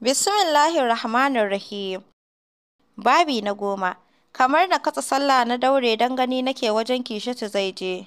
Bismillahir Rahmanir Rahim. Babi na goma. Kamar na katsa sallah na daure don gani nake wajen Kishatu zai je.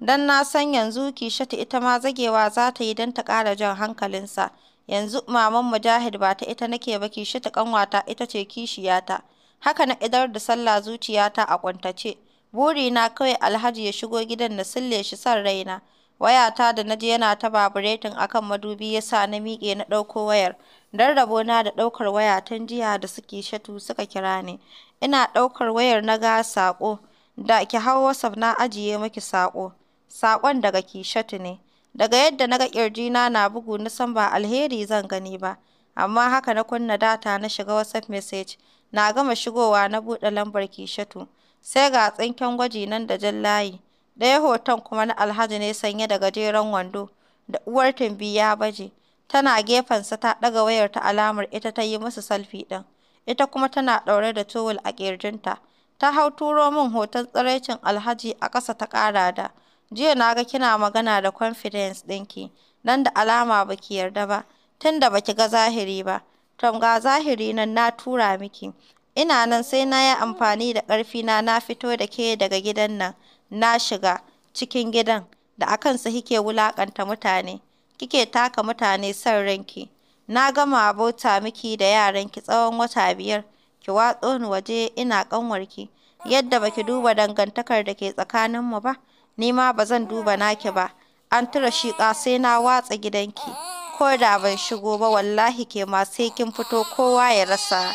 Don na san yanzu Kishatu ita ma zagewa za ta yi don ta ƙara jan hankalinsa. Yanzu maman Mujahid ba ta ita nake ba Kishatu ƙanwata ita ce kishiyata. Haka na idar da sallah zuciyata a kwantace. Burina kawai Alhaji ya shigo gidan na sille shi san raina. Wayata da na je yana ta biretin akan madubi ya sa na miƙe na ɗauko wayar. Don rabona da ɗaukar waya tun jiya da suke shatu suka kira ni. Ina ɗaukar wayar na ga saƙo. Da ki hau WhatsApp na ajiye maki saƙo. Saƙon daga Kishatu ne. Daga yadda na ga ƙirjina na bugu na san ba alheri zan gani ba. Amma haka na kunna data na shiga WhatsApp message. Na gama shigowa na buɗe lambar Kishatu. Sai ga tsinken gwaji nan da jan layi. ɗaya hoton kuma na Alhaji ne sanye da gajeren wando da uwar tumbi ya baje, tana gefensa ta ɗaga wayar ta alamar ita ta yi musu salfi ɗin, ita kuma tana ɗaure da towel a ƙirjinta. Ta hau turo min hoton tsiraicin Alhaji a ƙasa ta ƙara da, jiya na ga kina magana da confidence ɗinki, nan da alama baki yarda ba, tun da ba ga zahiri ba, tom ga zahiri nan na tura miki. Ina nan sai na yi amfani da ƙarfi na na fito da ke daga gidan nan. na shiga cikin gidan da a kansa kike wulakanta mutane, kike taka mutane son ranki. Na gama abota miki da yaranki tsawon wata biyar, ki watso ni waje ina ki. Yadda baki duba dangantakar da ke tsakaninmu ba, ni ma ba zan duba naki ba. An tura shiƙa sai na watsa gidanki. Ko da ban shigo ba wallahi ke ma sai kin fito kowa ya rasa.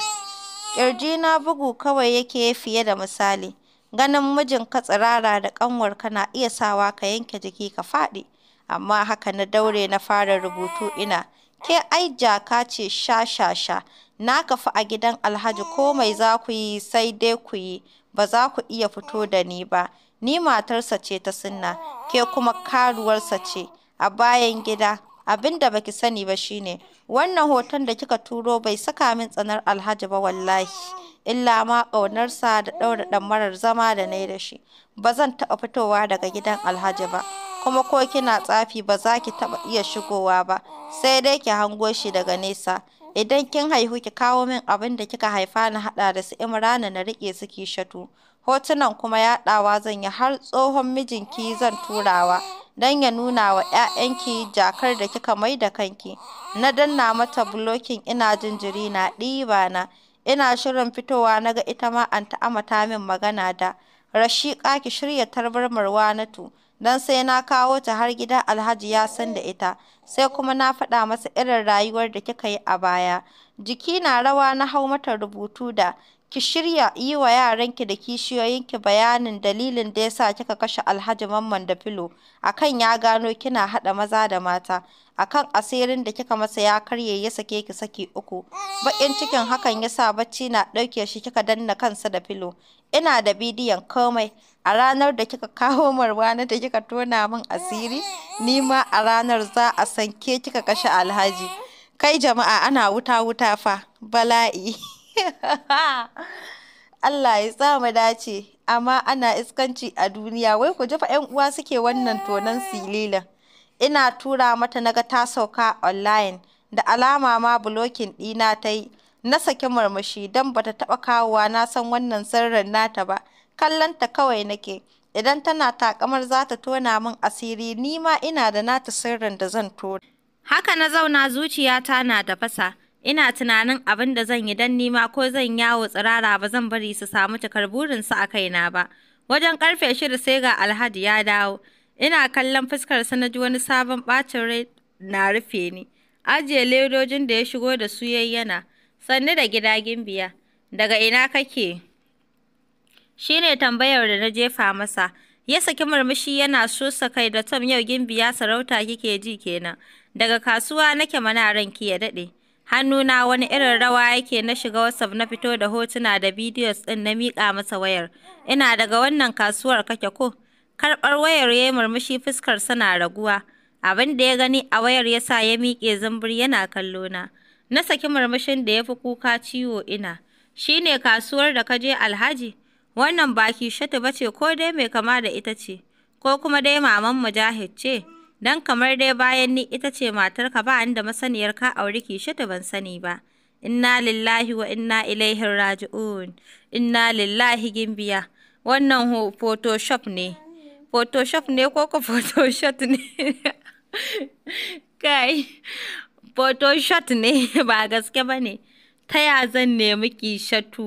Ƙirji na bugu kawai yake fiye da misali. Ganin mijin ka tsirara da ƙanwarka na iya sawa ka yanke jiki ka faɗi, amma haka na daure na fara rubutu ina, ke ai jaka ce sha-sha-sha. na kafi a gidan Alhaji komai za ku yi sai dai ku yi, ba za ku iya fito da ni ba, ni matarsa ce ta sunna, ke kuma karuwarsa ce, a bayan gida. Abin da baki sani ba shine wannan hoton da kika turo bai saka min tsanar Alhaji ba wallahi illa ma ƙaunarsa da ɗaura marar zama da nayi da shi ba zan taɓa fitowa daga gidan Alhaji ba kuma ko kina tsafi ba za ki taɓa iya shigowa ba sai dai ki hango shi daga nesa idan kin haihu ki kawo min abin da kika haifa na haɗa da su Imrana na riƙe su ki shatu hotunan kuma yaɗawa zan yi har tsohon mijinki zan turawa don ya nuna wa 'ya'yanki jakar da kika mai da kanki. Na danna mata bulokin ina jin jiri na ɗiba na. Ina shirin fitowa na ga ita ma an amata min magana da, rashi ki shirya na tu. don sai na kawo ta har gida Alhaji ya san da ita, sai kuma na faɗa masa irin rayuwar da kika yi a baya. Jiki na rawa na hau mata rubutu da, ki shirya yi wa yaranki da kishiyoyinki bayanin dalilin da yasa kika kashe Alhaji Mamman da filo akan ya gano kina haɗa maza da mata, akan asirin da kika masa ya karye ya sake ki saki uku. Baƙin cikin hakan yasa sa bacci na ɗauke shi kika danna kansa da filo. Ina da bidiyon komai. A ranar da kika kawo Marwana da kika tona min asiri, ni ma a ranar za a sanke kika kashe Alhaji. Kai jama'a ana wuta-wuta fa, bala'i. Allah ya sa mu dace, amma ana iskanci a duniya wai ku jafa 'yan uwa suke wannan tonan silila? Ina tura mata naga ta sauka online, da alama ma bulokin ɗina ta yi. Na saki murmushi don bata taɓa kawowa na san wannan sirrin nata ba, kallonta kawai nake. Idan tana takamar za ta tona min asiri, ni ma ina da nata sirrin da zan tona. Haka na zauna zuciyata na da fasa. Ina tunanin abin da zan yi don nima ko zan yawo tsirara ba zan bari su samu cikar burinsu a kaina ba. Wajen karfe shida sai ga Alhaji ya dawo. Ina kallon fuskar na ji wani sabon ɓacin rai na rufe ni. Ajiye ledojin da ya shigo da su yana. Sannu da gida gimbiya. Daga ina kake? Shi ne tambayar da na jefa masa. Ya saki murmushi yana sosa kai da Tom yau gimbiya sarauta kike ji kenan. Daga kasuwa nake mana ranki ya daɗe. hannuna wani irin rawa yake na shiga WhatsApp na fito da hotuna da bidiyos ɗin na miƙa masa wayar. Ina daga wannan kasuwar kake ko? Karɓar wayar ya yi murmushi fuskar sana raguwa. Abin da ya gani a wayar ya sa ya miƙe zambur yana kallo na. Na saki murmushin da ya fi kuka ciwo ina. Shi ne kasuwar da ka je alhaji? Wannan baki shatu ba ce ko dai mai kama da ita ce, ko kuma dai maman mujahid ce. don kamar dai bayan ni ita ce matarka ba ni da masaniyar ka auri kishiyarta ban sani ba. Inna lillahi wa inna ilaihi raji'un. Inna lillahi gimbiya. Wannan photoshop ne. Photoshop ne ko ko photoshop ne? Kai, photoshop ne ba gaske ba ne. Ta ya zan nemi kishatu?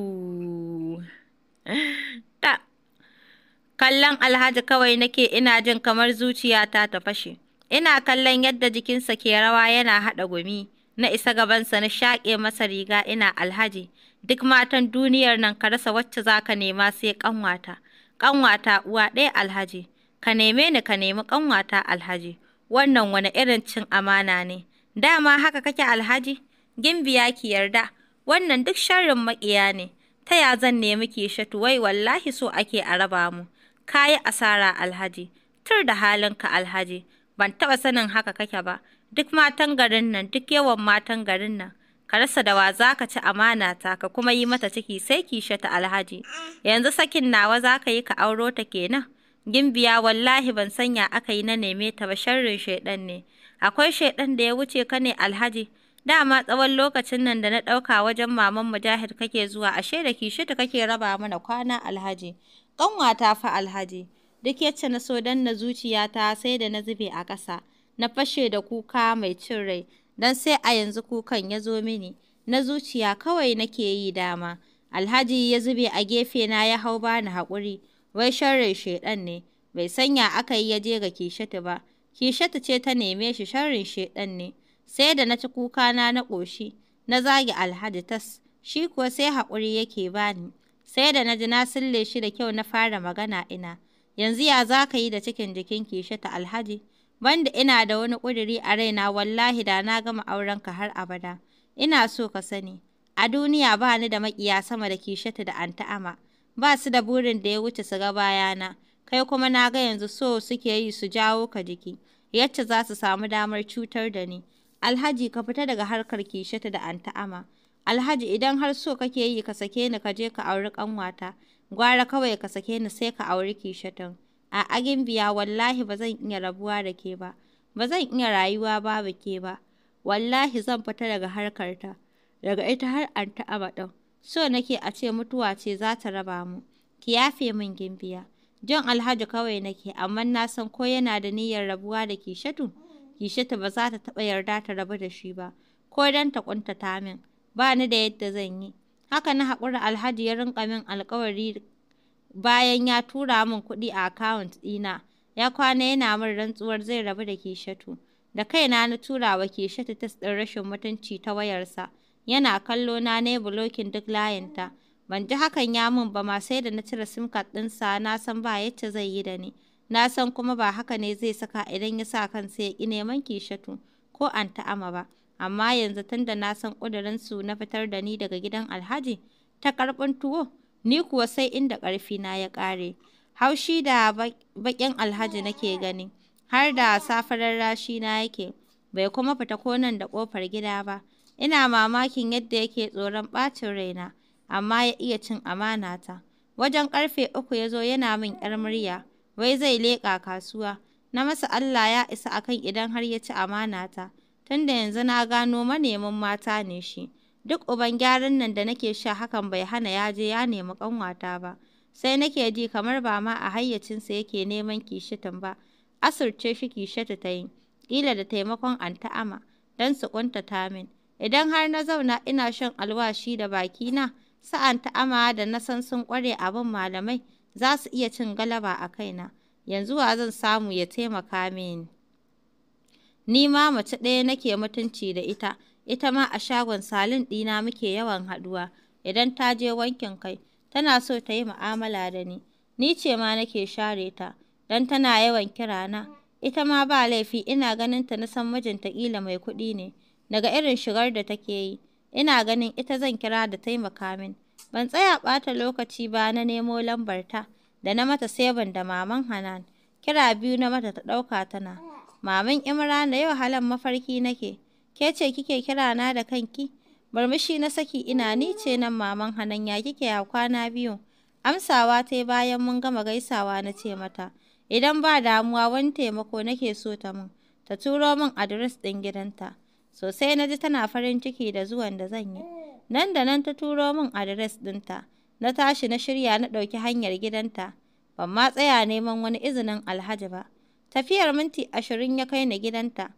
Kallon Alhaji kawai nake ina jin kamar zuciyata ta fashe. Ina kallon yadda jikinsa ke rawa yana haɗa gumi. Na isa gabansa na shaƙe masa riga ina Alhaji. Duk matan duniyar nan ka rasa wacce za ka nema sai ƙanwata. Ƙanwata uwa ɗaya Alhaji. Ka neme ni ka nemi ƙanwata Alhaji. Wannan wani irin cin amana ne. Dama haka kake Alhaji? Gimbiya ki yarda. Wannan duk sharrin maƙiya ne. Ta ya zan nemi ki shatu wai wallahi so ake a raba mu. ka yi asara alhaji tur da halinka alhaji ban taɓa sanin haka kake ba duk matan garin nan duk yawan matan garin nan ka rasa da wa za ka ci amana ta ka kuma yi mata ciki sai kishe ta alhaji yanzu sakin nawa za ka yi ka auro ta kenan gimbiya wallahi ban sanya aka yi na neme ta ba sharrin shaidan ne akwai shaidan da ya wuce ka ne alhaji dama tsawon lokacin nan da na ɗauka wajen maman mujahid kake zuwa ashe da kishe ta kake raba mana kwana alhaji ƙanwata fa Alhaji, duk yacce na so zuciya zuciyata sai da na zube a ƙasa, na fashe da kuka mai cin rai, don sai a yanzu kukan ya zo mini, na zuciya kawai nake yi dama. Alhaji ya zube a gefe na ya hau bani haƙuri, wai sharrin shaiɗan ne, bai sanya aka yi ya je ga Kishatu ba, Kishatu ce ta neme shi sharrin shaiɗan ne, sai da na ci kuka na ƙoshi, na zagi Alhaji tas, shi kuwa sai haƙuri yake bani. Sai da na ji na sille shi da kyau na fara magana ina, yanzu ya za ka yi da cikin jikin ta alhaji? Banda ina da wani ƙuduri a raina wallahi da na gama auren ka har abada. Ina so ka sani, a duniya ba ni da maƙiya sama da ta da anta'ama, ba su da burin da ya wuce su ga bayana, kai kuma na ga yanzu so suke yi su jawo ka jiki, yacce za su samu damar cutar da ni. Alhaji ka fita daga harkar ta da anta'ama. Alhaji idan har so kake yi ka sake ni ka je ka auri ƙanwata, gwara kawai ka sake ni sai ka auri Kishatan. A'a Gimbiya wallahi ba zan iya rabuwa da ke ba, ba zan iya rayuwa babu ke ba, wallahi zan fita daga harkarta, daga ita har an ta'aba ɗin. So nake a ce mutuwa ce za ta raba mu, ki yafe min Gimbiya. Jan Alhaji kawai nake, amma na san ko yana da niyyar rabuwa da Kishatu, Kishatu ba za ta taɓa yarda ta rabu da shi ba, ko don ta ƙuntata min. ba ni da yadda zan yi. Haka na haƙura Alhaji ya rinƙa min alƙawari bayan ya tura min kuɗi a akawunt ɗina. Ya kwana yana min rantsuwar zai rabu da Keshatu. Da kaina na tura wa Keshatu tas ɗin rashin mutunci ta wayarsa. Yana kallo na ne bulokin duk layinta. Ban ji hakan ya min ba ma sai da na cire simkat card ɗinsa na san ba yadda zai yi da ni. Na san kuma ba haka ne zai saka idan ya sa kansa ya ƙi neman Keshatu ko an ta'ama ba. Amma yanzu tun da na san ƙudurinsu na fitar da ni daga gidan Alhaji ta karɓin tuwo, ni kuwa sai inda na ya ƙare. Haushi da baƙin Alhaji nake gani, har da safarar na yake, bai kuma fita konan da ƙofar gida ba. Ina mamakin yadda yake tsoron ɓacin raina, amma ya iya cin amanata. Wajen ƙarfe uku ya zo yana min ‘yar murya, wai zai leƙa kasuwa. Na masa Allah ya isa akan idan har ya ci amanata. Tun da yanzu na gano manemin mata ne shi. Duk uban gyaran nan da nake sha hakan bai hana ya je ya nemi ƙanwata ba. Sai nake ji kamar ba ma a hayyacinsa yake neman kishitin ba. Asirce shi kishita ta yi, ƙila da taimakon anta'ama, don su ta min. Idan har na zauna ina shan alwashi da bakina, sa'an ta'ama da na san sun ƙware abin malamai, za su iya cin galaba a kaina. Yanzu wa zan samu ya taimaka mini? Ni ma mace ɗaya nake mutunci da ita, ita ma a shagon salin ɗina muke yawan haɗuwa. Idan ta je wankin kai, tana so ta yi mu'amala da ni, ni ce ma nake share ta, don tana yawan kira na. Ita ma ba laifi ina ganin ta na san mijinta ƙila mai kuɗi ne, daga irin shigar da take yi, ina ganin ita zan kira da taimaka min. Ban tsaya ɓata lokaci ba na nemo lambarta, da na mata sebin da Maman Hanan. Kira biyu na mata ta ɗauka tana. Maman Imra na yau halan mafarki nake, ke ce kike kira na da kanki? Murmushi na saki ina ni ce nan maman hananya. ya kike ya kwana biyu. Amsawa ta bayan mun gama gaisawa na ce mata, idan ba damuwa wani taimako nake so ta mun, ta turo min adres ɗin gidanta. Sosai na ji tana farin ciki da zuwan da zan yi. Nan da nan ta turo min adres ɗinta, na tashi na shirya na ɗauki hanyar gidanta. Ban ma tsaya neman wani izinin alhaji ba. Tafiyar minti ashirin ya kai ni gidanta.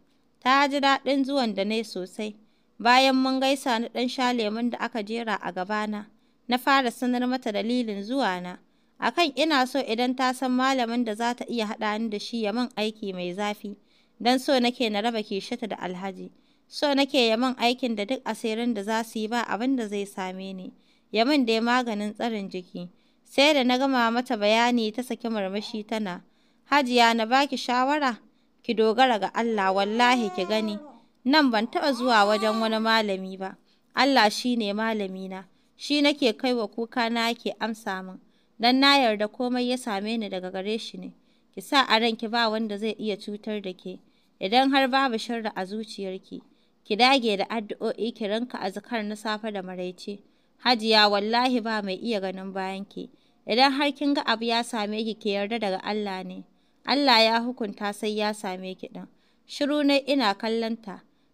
Ta ji daɗin zuwan da na sosai. Bayan mun gaisa na ɗan sha lemun da aka jera a gabana, na fara sanar mata dalilin zuwana. Akan ina so idan ta san malamin da za ta iya haɗa ni da shi ya min aiki mai zafi, don so nake na raba kishita da alhaji. So nake ya min aikin da duk asirin da za su yi ba abin da zai same ni. Ya min dai maganin tsarin jiki. Sai da na gama mata bayani ta saki murmushi tana. Hajiya na baki shawara, ki dogara ga Allah wallahi ki gani, nan ban taɓa zuwa wajen wani malami ba, Allah shi ne malamina, shi nake kai wa kuka na ke amsa min, dan na yarda komai ya same ni daga gare shi ne, ki sa a ranki ba wanda zai iya cutar da ke, idan har babu sharri a zuciyarki, ki dage da addu'o'i ki ranka azkar na safe da maraice. Hajiya wallahi ba mai iya ganin bayanki, idan har kin ga abu ya same ki ki yarda daga Allah ne. Allah ya hukunta sai ya same ki Shiru na ina kallon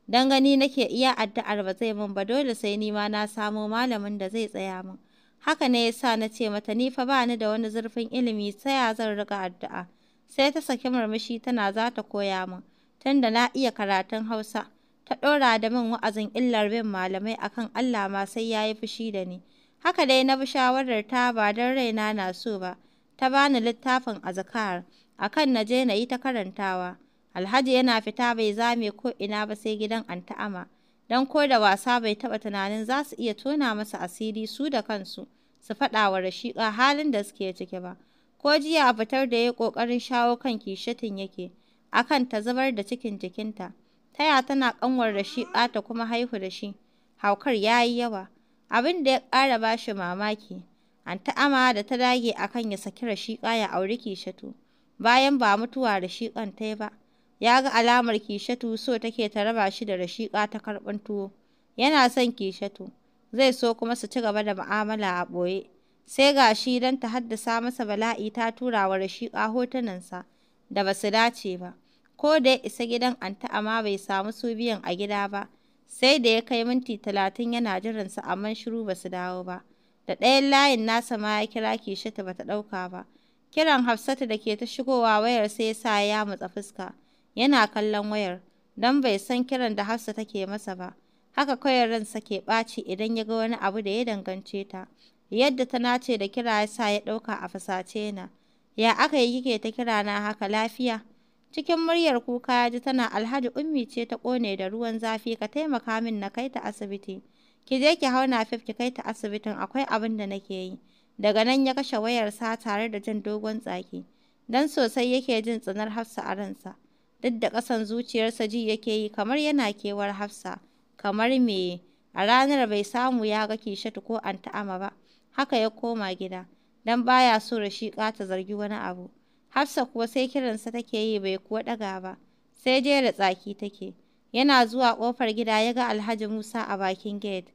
don gani nake iya addu'ar ba zai min ba dole sai ni ma na samo malamin da zai tsaya min. Haka ne yasa na ce mata ni fa ba ni da wani zurfin ilimi saya zan riga addu'a. Sai ta saki murmushi tana za ta koya min, tunda na iya karatun Hausa. Ta ɗora da min wa'azin illar bin malamai akan Allah ma sai ya yi fushi da ni. Haka dai na bi shawarar ta ba don raina na so ba, ta bani littafin azkar. Akan na je na yi ta karantawa. Alhaji yana fita bai zame ko ina ba sai gidan Anta'ama, don ko da wasa bai taba tunanin za su iya tona masa asiri su da kansu su faɗa wa Rashiƙa halin da suke ciki ba. Ko jiya a fitar da ya ƙoƙarin shawo kan kishatin yake, akan ta zubar da cikin jikinta. Taya tana ƙanwar Rashiƙa ta kuma haihu da shi. Haukar ya yi yawa. Abin da ya ƙara ba shi mamaki, Anta'ama da ta dage akan ya saki Rashiƙa ya auri Kishatu. bayan ba mutuwa Rashiƙan ta ba. Ya ga alamar Kishatu so take ta raba shi da Rashiƙa ta karɓan tuwo. Yana son Kishatu, zai so kuma su ci gaba da mu'amala a ɓoye. Sai ga shi don ta haddasa masa bala'i ta tura wa Rashiƙa hotunansa da ba su dace ba. Ko da ya isa gidan an amma bai samu su biyan a gida ba, sai da ya kai minti talatin yana jiransa amma shiru ba su dawo ba. Da ɗayan layin nasa ma ya kira Kishatu ba ta ɗauka ba. Kiran Hafsatu da ke ta shigowa wayar sai sa ya matsa fuska. Yana kallon wayar, don bai san kiran da Hafsa take masa ba. Haka kawai ransa ke ɓaci idan ya ga wani abu da ya dangance ta. Yadda ta nace da kira ya sa ya ɗauka a fasace na. Ya aka yi kike ta kira na haka lafiya? Cikin muryar kuka ya ji tana Alhaji Ummi ce ta ƙone da ruwan zafi ka taimaka min na kai ta asibiti. Ki je ki hau fif ki kai ta asibitin akwai abin da nake yi. Daga nan ya kashe wayarsa tare da jin dogon tsaki. Dan sosai yake jin tsanar Hafsa a ransa. Duk da ƙasan zuciyarsa ji yake yi kamar yana kewar Hafsa, kamar me a ranar bai samu ya ga Kishatu ko Anta'ama ba. Haka ya koma gida, dan baya so da shi ta zargi wani abu. Hafsa kuwa sai kiransa take yi bai kuwa ɗaga ba, sai jera tsaki take. Yana zuwa ƙofar gida ya ga Alhaji Musa a bakin gate.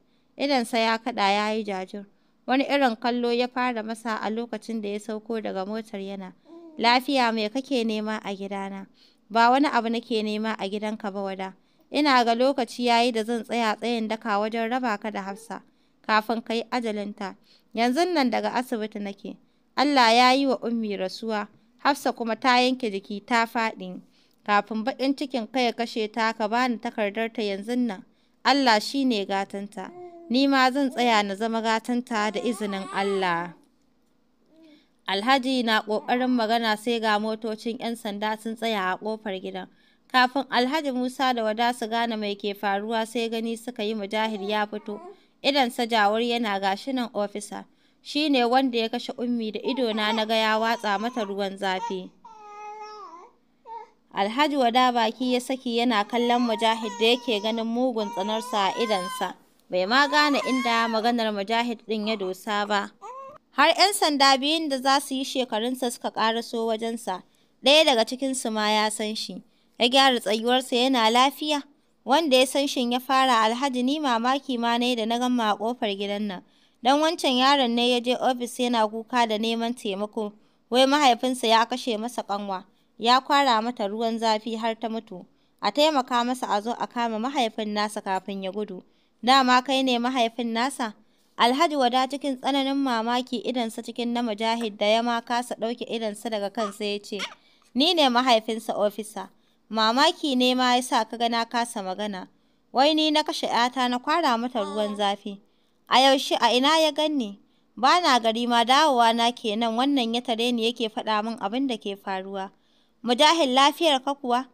sa ya kaɗa ya yi jajir. Wani irin kallo ya fara masa a lokacin da ya sauko daga motar yana, Lafiya mai kake nema a gidana? Ba wani abu nake nema a gidanka ba wada. Ina ga lokaci yayi da zan tsaya tsayin daka wajen raba ka da Hafsa, kafin ka yi ajalinta. Yanzu nan daga asibiti nake. Allah ya yi wa Ummi rasuwa, Hafsa kuma ta yanke jiki ta faɗi. Kafin baƙin cikin kai kashe ta ka bani takardar ta yanzu nan. Allah shine ne gatanta. ni ma zan tsaya na zama gatanta da izinin Allah. Alhaji na ƙoƙarin magana sai ga motocin 'yan sanda sun tsaya a ƙofar gidan. Kafin Alhaji Musa da Wada su gane mai ke faruwa sai gani suka yi mujahid ya fito. Idan sajawar yana gashi nan ofisa. Shi ne wanda ya kashe ummi da idona na ga ya watsa mata ruwan zafi. Alhaji Wada baki ya saki yana kallon mujahid da yake ganin mugun tsanarsa a idansa. bai ma gane inda maganar mujahid ɗin ya dosa ba. Har 'yan sanda biyun da za su yi shekarunsa suka ƙaraso wajensa, ɗaya daga cikinsu ma ya san shi, ya gyara tsayuwarsa yana lafiya. Wanda ya san shin ya fara alhaji ni mamaki ma ne da na gama a ƙofar gidan nan. Don wancan yaron ne ya je ofis yana kuka da neman taimako, wai mahaifinsa ya kashe masa ƙanwa, ya kwara mata ruwan zafi har ta mutu. a taimaka masa a zo a kama mahaifin nasa kafin ya gudu. dama kai ne mahaifin nasa Alhaji Wada cikin tsananin mamaki idansa cikin na Mujahid da ya ma kasa ɗauke idansa daga kansa ya ce, Ni ne mahaifinsa ofisa, mamaki ne ma ya sa ka gana kasa magana, wai ni na kashe ‘yata na kwara mata ruwan zafi, a yaushe a ina ya ganni, ba na gari ma dawowa na kenan wannan ya tare ni yake faɗa min abin da ke faruwa. Mujahid lafiyar ka kuwa,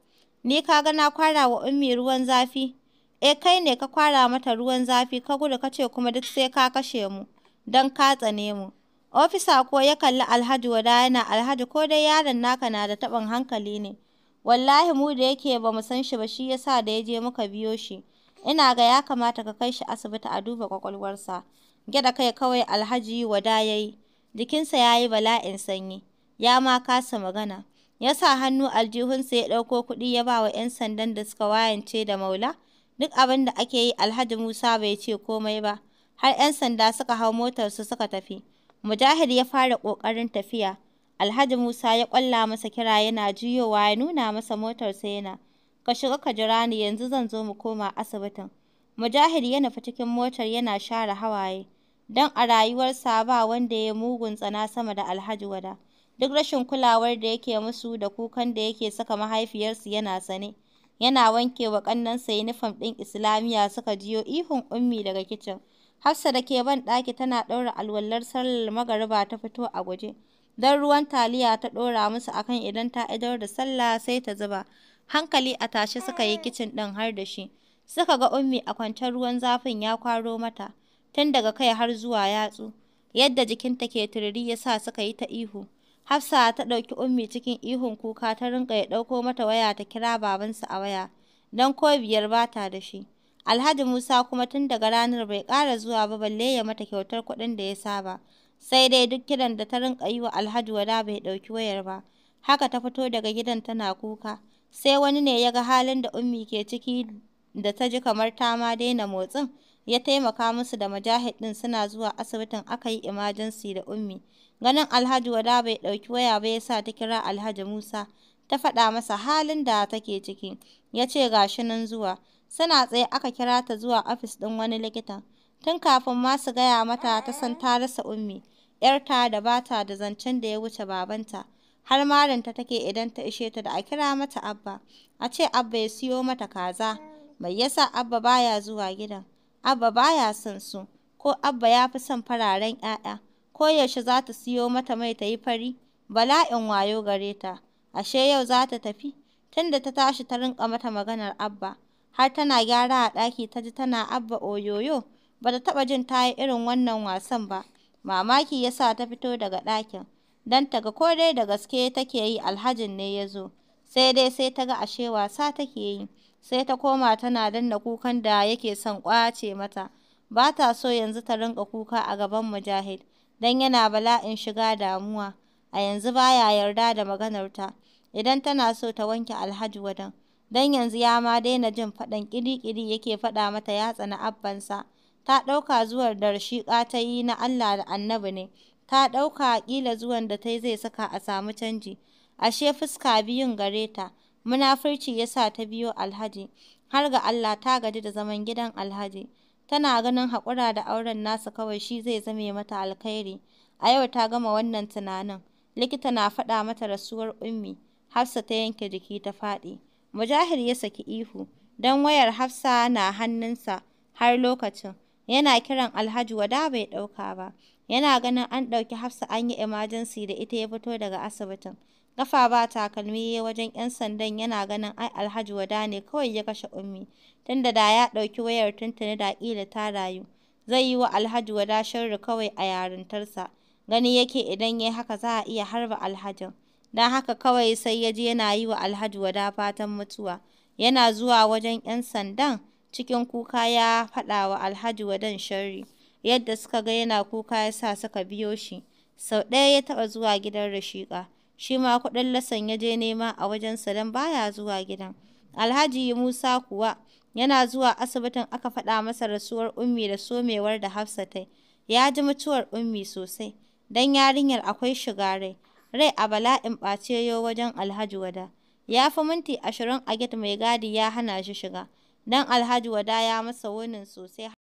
ni ka gana kwara wa ummi ruwan zafi, E kai ne ka kwara mata ruwan zafi ka gudu ka ce kuma duk sai ka kashe mu, don ka tsane mu. Ofisa ko ya kalli Alhaji Wada yana Alhaji ko dai yaron naka na da taɓin hankali ne. Wallahi mu da yake ba mu san shi ba shi yasa da ya je muka biyo shi. Ina ga ya kamata ka kai shi asibiti a duba kwakwalwarsa. Gyada kai kawai Alhaji Wada ya yi. Jikinsa ya yi bala'in sanyi. Ya ma kasa magana. Ya sa hannu aljihunsa ya ɗauko kuɗi ya ba wa 'yan sandan da suka wayance da maula. Duk abin da ake yi Alhaji Musa bai ce komai ba, har 'yan sanda suka hau motarsu suka tafi. Mujahid ya fara ƙoƙarin tafiya. Alhaji Musa ya ƙwalla masa kira yana juyowa ya nuna masa motarsa yana, ka shiga ka jira ni yanzu zan zo mu koma asibitin. Mujahid ya nufi cikin motar yana share hawaye, Dan a rayuwarsa ba wanda ya mugun tsana sama da Alhaji Wada. Duk rashin kulawar da yake musu da kukan da yake saka mahaifiyarsu yana sane. yana wanke wa ƙannensa yunifom ɗin Islamiyya suka jiyo ihun Ummi daga kicin. Hafsa da ke ban ɗaki tana ɗaura alwallar sallar magariba ta fito a guje. Don ruwan taliya ta ɗora musu akan idan ta idar da sallah sai ta zuba. Hankali a tashe suka yi kicin ɗin har da shi. Suka ga Ummi a kwancen ruwan zafin ya kwaro mata, tun daga kai har zuwa yatsu. Yadda jikinta ke tururi ya sa suka yi ta ihu. Hafsa ta ɗauki Ummi cikin ihun kuka ta rinƙa ya ɗauko mata waya ta kira babansa a waya, don ko biyar ba ta da shi. Alhaji Musa kuma tun daga ranar bai ƙara zuwa ba balle ya mata kyautar kuɗin da ya saba, sai dai duk kiran da ta rinƙa yi wa Alhaji Wada bai ɗauki wayar ba. Haka ta fito daga gidan tana kuka, sai wani ne ya ga halin da Ummi ke ciki da ta ji kamar ta ma daina motsin, ya taimaka musu da mujahid ɗin suna zuwa asibitin aka yi imajensi da Ummi. Ganin Alhaji Wada bai ɗauki waya ba ya sa ta kira Alhaji Musa ta faɗa masa halin da take ciki. Ya ce ga nan zuwa. Suna tsaye aka kira ta zuwa ofis ɗin wani likitan. Tun kafin ma su gaya mata ta san ta rasa ummi. 'yarta da bata da zancen da ya wuce babanta. har marinta take idan ta ishe ta da a kira mata Abba, a ce Abba ya siyo mata kaza, mai yasa Abba baya zuwa gidan, Abba baya son su, ko Abba ya fi son fararen ‘ya'ya, Koyaushe za ta siyo mata mai ta yi fari, bala'in wayo gare ta, ashe yau za ta tafi? Tunda ta tashi ta rinka mata maganar Abba, har tana gyara a ɗaki ta ji tana Abba oyoyo, ba ta taɓa jin ta yi irin wannan wasan ba. Mamaki ya sa ta fito daga ɗakin, don ta ga ko dai da gaske take yi alhajin ne ya zo, sai dai sai ta ga ashe wasa take yi, sai ta koma tana danna kukan da yake son ƙwace mata, ba ta so yanzu ta rinka kuka a gaban Mujahid. don yana bala'in shiga damuwa, a yanzu baya yarda da maganarta, idan tana so ta wanke Alhaji Wadan, don yanzu ya ma daina jin faɗan ƙiri-ƙiri yake faɗa mata ya tsana abbansa, ta ɗauka zuwar da shi ta yi na Allah da annabi ne, ta ɗauka ƙila zuwan da ta zai saka a samu canji, ashe fuska biyun gare ta, munafurci ya sa ta biyo Alhaji, har ga Allah ta gaji da zaman gidan Alhaji. Tana ganin haƙura da auren nasa kawai shi zai zame mata alkhairi. A yau ta gama wannan tunanin. Likita na faɗa mata rasuwar Ummi. Hafsa ta yanke jiki ta faɗi. Mujahid ya saki ihu, don wayar Hafsa na hannunsa har lokacin. Yana kiran Alhaji Wada bai ɗauka ba. Yana ganin an ɗauki Hafsa an yi imajensi da ita ya fito daga asibitin. Ƙafa ba takalmi ya wajen 'yan sandan yana ganin ai Alhaji Wada ne kawai ya kashe Ummi, tunda da ya ɗauki wayar tuntuni da ƙila ta rayu. Zai yi wa Alhaji Wada sharri kawai a yarintarsa, gani yake idan ya yi haka za a iya harba Alhajin. Don haka kawai sai ya ji yana yi wa Alhaji Wada fatan mutuwa. Yana zuwa wajen 'yan sandan cikin kuka ya faɗa wa Alhaji Wadan sharri. Yadda suka ga yana kuka ya sa suka biyo shi. Sau ɗaya ya taɓa zuwa gidan Rashiƙa. shi ma kuɗin lasan ya je nema a wajensa don baya zuwa gidan. Alhaji Musa kuwa yana zuwa asibitin aka faɗa masa rasuwar ummi da somewar da Hafsa ta ya ji mutuwar ummi sosai don yarinyar akwai shiga rai rai a bala'in ɓaceyo wajen Alhaji Wada ya fi minti ashirin a get mai gadi ya hana shi shiga don Alhaji Wada ya masa wunin sosai